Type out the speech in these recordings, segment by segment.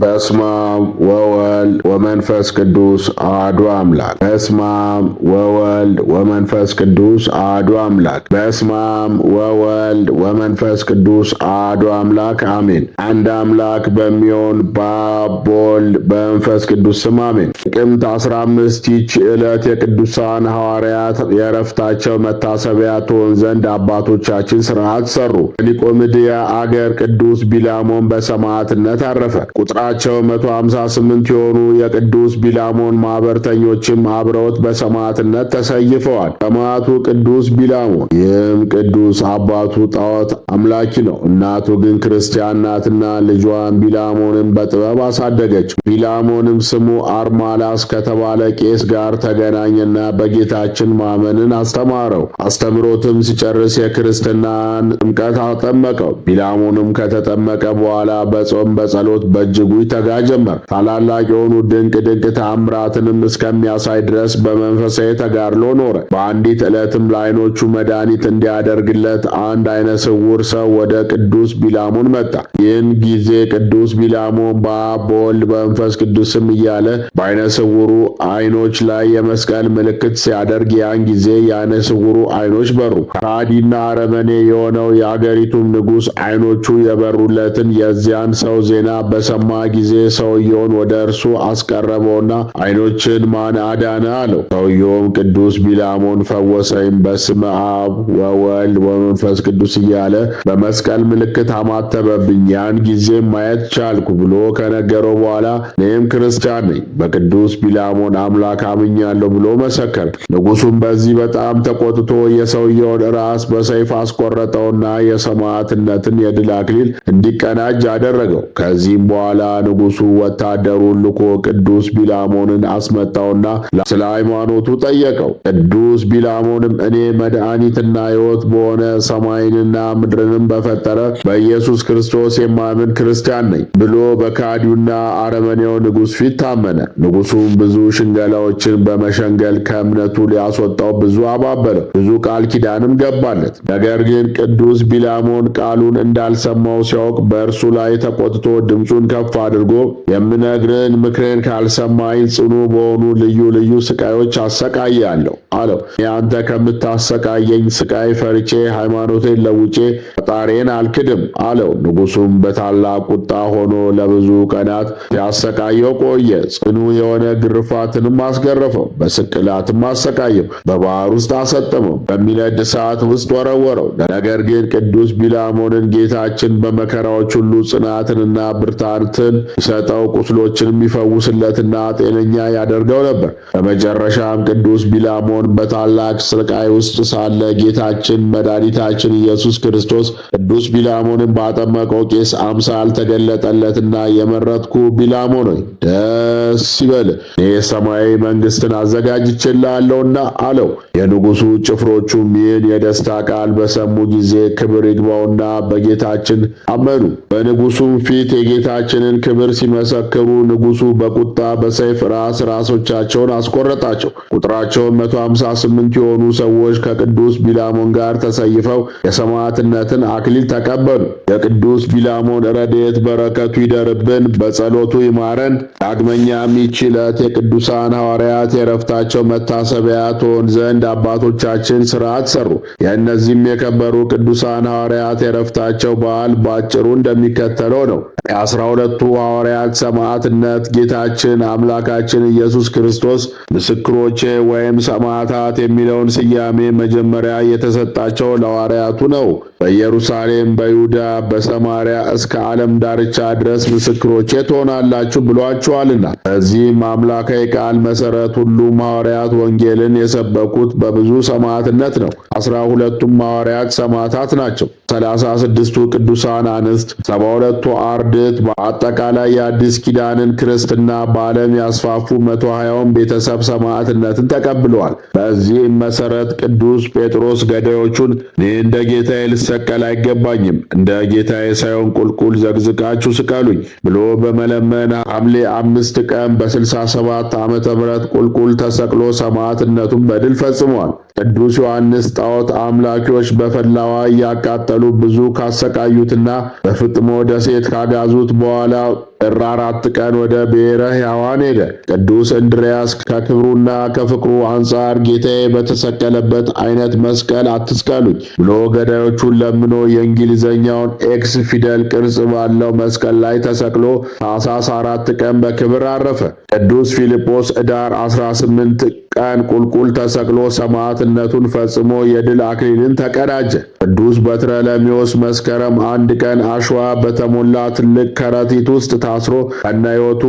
በስማም ወወልድ ወመንፈስ ቅዱስ አሐዱ አምላክ። በስማም ወወልድ ወመንፈስ ቅዱስ አሐዱ አምላክ። በስማም ወወልድ ወመንፈስ ቅዱስ አሐዱ አምላክ አሜን። አንድ አምላክ በሚሆን በአብ በወልድ በመንፈስ ቅዱስ ስም አሜን። ጥቅምት 15 ይች ዕለት የቅዱሳን ሐዋርያት የእረፍታቸው መታሰቢያ ትሆን ዘንድ አባቶቻችን ሥርዓት ሠሩ። ከኒቆምድያ አገር ቅዱስ ቢላሞን በሰማዕትነት አረፈ። ቁጥራቸው 158 የሆኑ የቅዱስ ቢላሞን ማኅበርተኞችም አብረውት በሰማዕትነት ተሰይፈዋል። ሰማዕቱ ቅዱስ ቢላሞን። ይህም ቅዱስ አባቱ ጣዖት አምላኪ ነው። እናቱ ግን ክርስቲያን ናትና ልጇን ቢላሞንን በጥበብ አሳደገችው። ቢላሞንም ስሙ አርማላስ ከተባለ ቄስ ጋር ተገናኘና በጌታችን ማመንን አስተማረው። አስተምሮትም ሲጨርስ የክርስትናን ጥምቀት አጠመቀው። ቢላሞንም ከተጠመቀ በኋላ በጾም በጸሎት በእጅ በእጅጉ ይተጋ ጀመር። ታላላቅ የሆኑ ድንቅ ድንቅ ተአምራትንም እስከሚያሳይ ድረስ በመንፈሳዊ ተጋድሎ ኖረ። በአንዲት ዕለትም ለዓይኖቹ መድኃኒት እንዲያደርግለት አንድ አይነ ስውር ሰው ወደ ቅዱስ ቢላሞን መጣ። ይህን ጊዜ ቅዱስ ቢላሞን በአብ በወልድ በመንፈስ ቅዱስም እያለ በአይነ ስውሩ ዓይኖች ላይ የመስቀል ምልክት ሲያደርግ ያን ጊዜ የአይነ ስውሩ ዓይኖች በሩ። ከሃዲና አረመኔ የሆነው የአገሪቱም ንጉሥ ዓይኖቹ የበሩለትን የዚያን ሰው ዜና በሰማ ጊዜ ሰውየውን ወደ እርሱ አስቀረበውና ዓይኖችን ማን አዳነ አለው። ሰውየውም ቅዱስ ቢላሞን ፈወሰኝ በስመ አብ ወወልድ ወመንፈስ ቅዱስ እያለ በመስቀል ምልክት አማተበብኝ ያን ጊዜም ማየት ቻልኩ ብሎ ከነገረው በኋላ እኔም ክርስቲያን ነኝ በቅዱስ ቢላሞን አምላክ አምኛለሁ ብሎ መሰከረ። ንጉሱም በዚህ በጣም ተቆጥቶ የሰውየውን ራስ በሰይፍ አስቆረጠውና የሰማዕትነትን የድል አክሊል እንዲቀናጅ አደረገው። ከዚህም በኋላ በኋላ ንጉሱ ወታደሩን ልኮ ቅዱስ ቢላሞንን አስመጣውና ስለ ሃይማኖቱ ጠየቀው። ቅዱስ ቢላሞንም እኔ መድኃኒትና ሕይወት በሆነ ሰማይንና ምድርንም በፈጠረ በኢየሱስ ክርስቶስ የማምን ክርስቲያን ነኝ ብሎ በካዲውና አረመኔው ንጉሥ ፊት ታመነ። ንጉሱም ብዙ ሽንገላዎችን በመሸንገል ከእምነቱ ሊያስወጣው ብዙ አባበለው፣ ብዙ ቃል ኪዳንም ገባለት። ነገር ግን ቅዱስ ቢላሞን ቃሉን እንዳልሰማው ሲያውቅ በእርሱ ላይ ተቆጥቶ ድምፁን ከፍ ከፍ አድርጎ የምነግርን ምክርን ካልሰማኝ ጽኑ በሆኑ ልዩ ልዩ ስቃዮች አሰቃያለሁ አለው። አንተ ከምታሰቃየኝ ስቃይ ፈርቼ ሃይማኖቴን ለውጬ ፈጣሬን አልክድም አለው። ንጉሱም በታላቅ ቁጣ ሆኖ ለብዙ ቀናት ሲያሰቃየው ቆየ። ጽኑ የሆነ ግርፋትንም አስገረፈው፣ በስቅላትም አሰቃየው፣ በባህር ውስጥ አሰጠመው፣ በሚነድ እሳት ውስጥ ወረወረው። ነገር ግን ቅዱስ ቢላሞንን ጌታችን በመከራዎች ሁሉ ጽናትንና ብርታን ቁስል ይሰጠው፣ ቁስሎችን የሚፈውስለትና ጤነኛ ያደርገው ነበር። በመጨረሻም ቅዱስ ቢላሞን በታላቅ ስቃይ ውስጥ ሳለ ጌታችን መድኃኒታችን ኢየሱስ ክርስቶስ ቅዱስ ቢላሞንን ባጠመቀው ቄስ አምሳል ተገለጠለትና የመረጥኩ ቢላሞን ሆይ ደስ ይበል፣ እኔ ሰማያዊ መንግስትን አዘጋጅቼልሃለሁና አለው። የንጉሱ ጭፍሮቹም ይህን የደስታ ቃል በሰሙ ጊዜ ክብር ይግባውና በጌታችን አመኑ። በንጉሱ ፊት የጌታችንን የእግዚአብሔርን ክብር ሲመሰክሩ ንጉሡ በቁጣ በሰይፍ ራስ ራሶቻቸውን አስቆረጣቸው። ቁጥራቸውን መቶ ስምንት የሆኑ ሰዎች ከቅዱስ ቢላሞን ጋር ተሰይፈው የሰማዕትነትን አክሊል ተቀበሉ። የቅዱስ ቢላሞን ረድኤት በረከቱ ይደርብን፣ በጸሎቱ ይማረን። ዳግመኛም ይህች ዕለት የቅዱሳን ሐዋርያት የረፍታቸው መታሰቢያ ትሆን ዘንድ አባቶቻችን ሥርዓት ሰሩ። የእነዚህም የከበሩ ቅዱሳን ሐዋርያት የረፍታቸው በዓል ባጭሩ እንደሚከተለው ነው። የአስራ ሁለቱ ሐዋርያት ሰማዕትነት ጌታችን አምላካችን ኢየሱስ ክርስቶስ ምስክሮቼ ወይም ሰማዕታት የሚለውን ስያሜ መጀመሪያ የተሰጣቸው ለሐዋርያቱ ነው። በኢየሩሳሌም፣ በይሁዳ፣ በሰማርያ እስከ ዓለም ዳርቻ ድረስ ምስክሮቼ ትሆናላችሁ ብሏችኋልና። በዚህም አምላካዊ ቃል መሠረት ሁሉም ሐዋርያት ወንጌልን የሰበኩት በብዙ ሰማዕትነት ነው። አስራ ሁለቱም ሐዋርያት ሰማዕታት ናቸው። ሰላሳ ስድስቱ ቅዱሳን አንስት፣ ሰባ ሁለቱ አርድእት በአጠቃላይ የአዲስ ኪዳንን ክርስትና በዓለም ያስፋፉ መቶ ሀያውን ቤተሰብ ሰማዕትነትን ተቀብለዋል። በዚህም መሰረት ቅዱስ ጴጥሮስ ገዳዮቹን እኔ እንደ ጌታዬ ልሰቀል አይገባኝም፣ እንደ ጌታዬ ሳይሆን ቁልቁል ዘግዝቃችሁ ስቀሉኝ ብሎ በመለመን ሐምሌ አምስት ቀን በስልሳ ሰባት ዓመተ ምህረት ቁልቁል ተሰቅሎ ሰማዕትነቱን በድል ፈጽሟል። ቅዱስ ዮሐንስ ጣዖት አምላኪዎች በፈላዋ እያቃጠሉ ብዙ ካሰቃዩትና በፍጥሞ ደሴት ካጋዙት በኋላ በኋላ ጥር አራት ቀን ወደ ብሔረ ሕያዋን ሄደ። ቅዱስ እንድርያስ ከክብሩና ከፍቅሩ አንጻር ጌታዬ በተሰቀለበት አይነት መስቀል አትስቀሉኝ ብሎ ገዳዮቹን ለምኖ የእንግሊዘኛውን ኤክስ ፊደል ቅርጽ ባለው መስቀል ላይ ተሰቅሎ ታኅሳስ አራት ቀን በክብር አረፈ። ቅዱስ ፊልጶስ ዕዳር 18 ቀን ቁልቁል ተሰቅሎ ሰማዕትነቱን ፈጽሞ የድል አክሊልን ተቀዳጀ። ቅዱስ በትረለሚዎስ መስከረም አንድ ቀን አሸዋ በተሞላ ትልቅ ከረጢት ውስጥ ታስሮ ከነ ሕይወቱ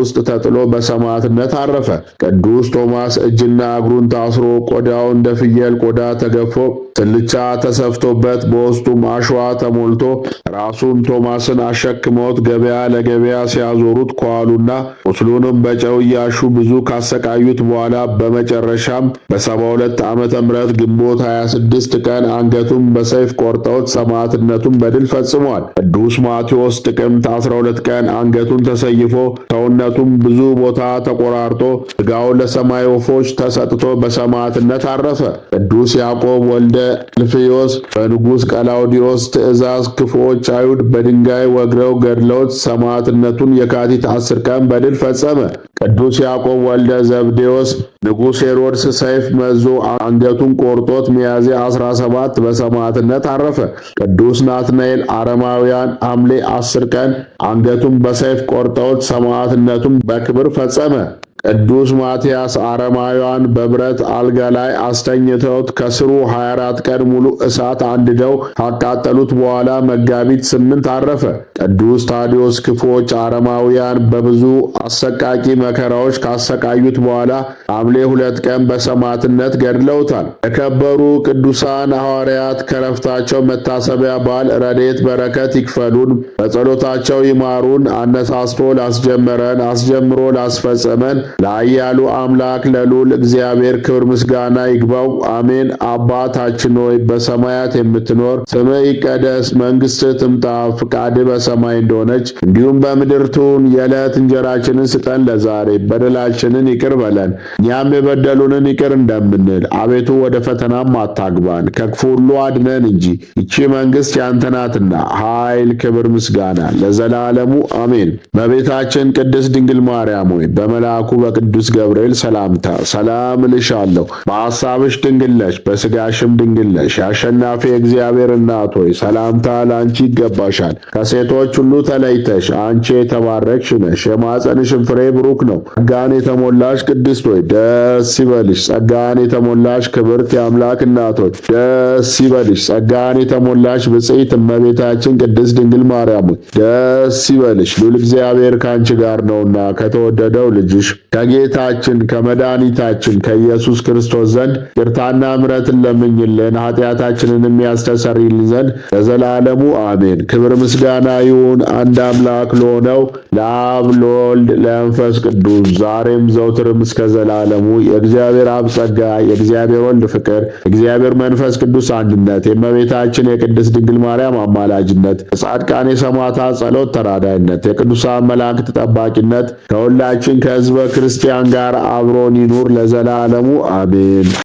ውስጥ ተጥሎ በሰማዕትነት አረፈ። ቅዱስ ቶማስ እጅና እግሩን ታስሮ ቆዳው እንደ ፍየል ቆዳ ተገፎ ጥልቻ ተሰፍቶበት በውስጡም አሸዋ ተሞልቶ ራሱን ቶማስን አሸክመውት ገበያ ለገበያ ሲያዞሩት ከዋሉና ቁስሉንም በጨው እያሹ ብዙ ካሰቃዩት በኋላ በመጨረሻም በሰባ ሁለት ዓመተ ምህረት ግንቦት 26 ቀን አንገቱን በሰይፍ ቆርጠውት ሰማዕትነቱን በድል ፈጽሟል። ቅዱስ ማቴዎስ ጥቅምት 12 ቀን አንገቱን ተሰይፎ ሰውነቱም ብዙ ቦታ ተቆራርጦ ሥጋው ለሰማይ ወፎች ተሰጥቶ በሰማዕትነት አረፈ። ቅዱስ ያዕቆብ ወልደ ልፍዮስ በንጉሥ ቀላውዲዮስ ትእዛዝ ክፉዎች አይሁድ በድንጋይ ወግረው ገድለውት ሰማዕትነቱን የካቲት አስር ቀን በድል ፈጸመ። ቅዱስ ያዕቆብ ወልደ ዘብዴዎስ ንጉሥ ሄሮድስ ሰይፍ መዞ አንገቱን ቆርጦት ሚያዝያ 17 በሰማዕትነት አረፈ። ቅዱስ ናትናኤል አረማውያን ሐምሌ 10 ቀን አንገቱን በሰይፍ ቆርጠውት ሰማዕትነቱን በክብር ፈጸመ። ቅዱስ ማትያስ አረማውያን በብረት አልጋ ላይ አስተኝተውት ከስሩ 24 ቀን ሙሉ እሳት አንድደው ካቃጠሉት በኋላ መጋቢት ስምንት አረፈ። ቅዱስ ታዲዮስ ክፎች አረማውያን በብዙ አሰቃቂ መከራዎች ካሰቃዩት በኋላ ሐምሌ ሁለት ቀን በሰማዕትነት ገድለውታል። የከበሩ ቅዱሳን ሐዋርያት ከረፍታቸው መታሰቢያ በዓል ረድኤት በረከት ይክፈሉን፣ በጸሎታቸው ይማሩን። አነሳስቶ ላስጀመረን አስጀምሮ ላስፈጸመን ለአያሉ አምላክ ለልዑል እግዚአብሔር ክብር ምስጋና ይግባው፣ አሜን። አባታችን ሆይ በሰማያት የምትኖር ስምህ ይቀደስ፣ መንግስት ትምጣ፣ ፍቃድ በሰማይ እንደሆነች እንዲሁም በምድር ትሁን። የዕለት እንጀራችንን ስጠን ለዛሬ፣ በደላችንን ይቅር በለን እኛም የበደሉንን ይቅር እንደምንል፣ አቤቱ ወደ ፈተናም አታግባን ከክፉ ሁሉ አድነን እንጂ ይቺ መንግስት ያንተ ናትና ኃይል፣ ክብር፣ ምስጋና ለዘላለሙ አሜን። በቤታችን ቅድስት ድንግል ማርያም ሆይ በመልአኩ በቅዱስ ገብርኤል ሰላምታ ሰላም እልሻለሁ። በሐሳብሽ ድንግል ነሽ፣ በስጋሽም ድንግል ነሽ። የአሸናፊ እግዚአብሔር እናት ሆይ ሰላምታ ለአንቺ ይገባሻል። ከሴቶች ሁሉ ተለይተሽ አንቺ የተባረክሽ ነሽ። የማፀንሽን ፍሬ ብሩክ ነው። ጸጋን የተሞላሽ ቅድስት ሆይ ደስ ይበልሽ። ጸጋን የተሞላሽ ክብርት የአምላክ እናት ሆይ ደስ ይበልሽ። ጸጋን የተሞላሽ ብጽዕት እመቤታችን ቅድስት ድንግል ማርያም ሆይ ደስ ይበልሽ። ሉል እግዚአብሔር ከአንቺ ጋር ነውና ከተወደደው ልጅሽ ከጌታችን ከመድኃኒታችን ከኢየሱስ ክርስቶስ ዘንድ ይቅርታና እምረትን ለምኝልን ኃጢአታችንን ያስተሰርይልን ዘንድ ለዘላለሙ አሜን። ክብር ምስጋና ይሁን አንድ አምላክ ለሆነው ለአብ ለወልድ ለመንፈስ ቅዱስ ዛሬም ዘውትርም እስከ ዘላለሙ። የእግዚአብሔር አብ ጸጋ የእግዚአብሔር ወልድ ፍቅር የእግዚአብሔር መንፈስ ቅዱስ አንድነት የእመቤታችን የቅድስት ድንግል ማርያም አማላጅነት የጻድቃን የሰማዕታት ጸሎት ተራዳይነት የቅዱሳን መላእክት ጠባቂነት ከሁላችን ከሕዝበ ክርስቲያን ጋር አብሮን ይኑር ለዘላለሙ አሜን።